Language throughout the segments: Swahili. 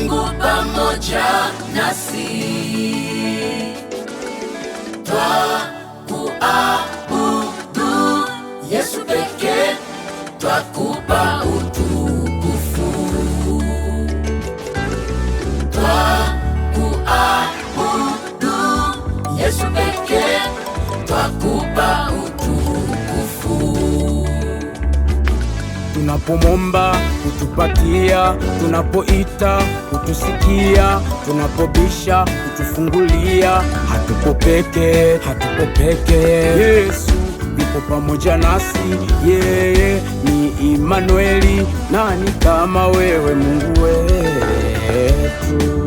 Mungu pamoja nasi twa kuabudu Yesu pekee, twa kupa utukufu, twa kuabudu Yesu pekee, twa tunapomomba kutupatia, tunapoita kutusikia, tunapobisha kutufungulia. Hatuko peke, hatuko peke, Yesu yupo pamoja nasi, yeye ni Imanueli. Nani kama wewe, Mungu wetu?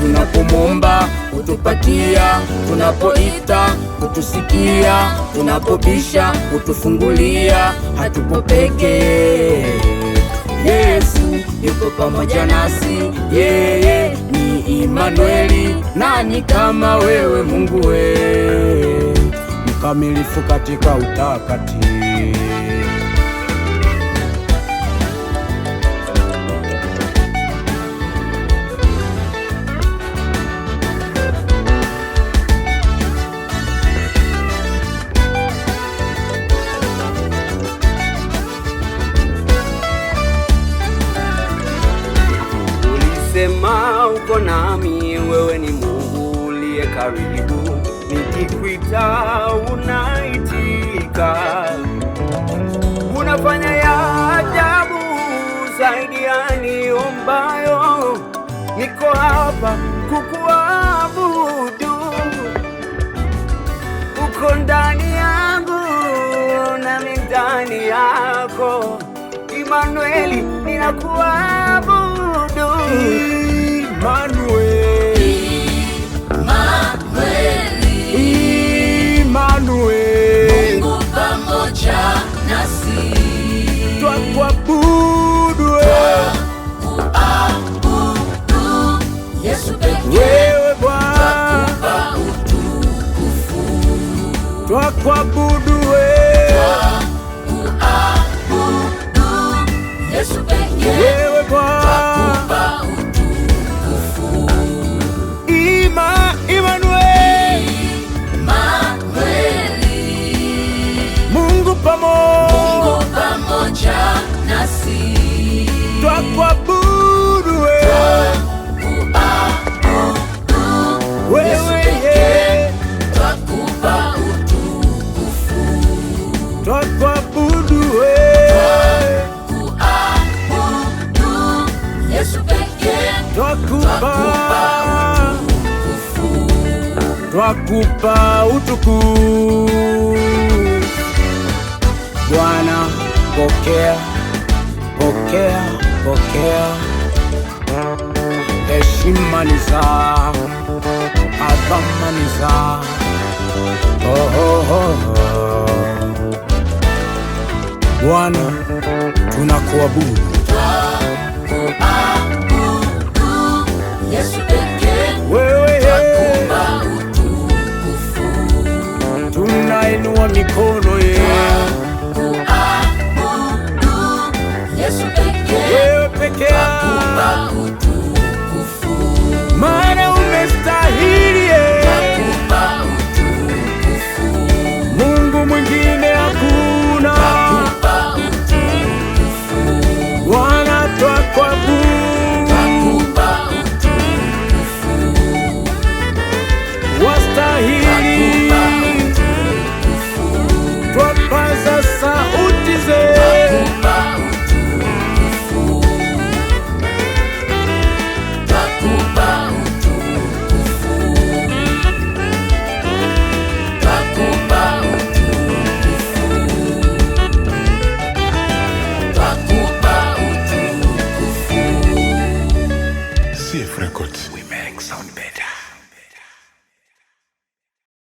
tunapomomba kutupatia tunapoita, kutusikia tunapobisha, kutufungulia, hatupo peke. Yesu yuko pamoja nasi, yeye ni Imanueli. Nani kama wewe Mungu we mkamilifu katika utakatifu Sema uko nami, wewe ni Mungu uliye karibu, nikikwita unaitika, unafanya ya ajabu zaidi ya niombayo. Niko hapa kukuabudu, uko ndani yangu nami ndani yako, Imanueli, ninakuabudu Twa kuabudu wewe Yesu pekee wewe Bwana Twakupa twakupa utukufu Bwana, pokea pokea pokea, heshima ni zako, adhama ni zako. Oh, oh, oh. Bwana tunakuabudu kuabudu Yesu pekee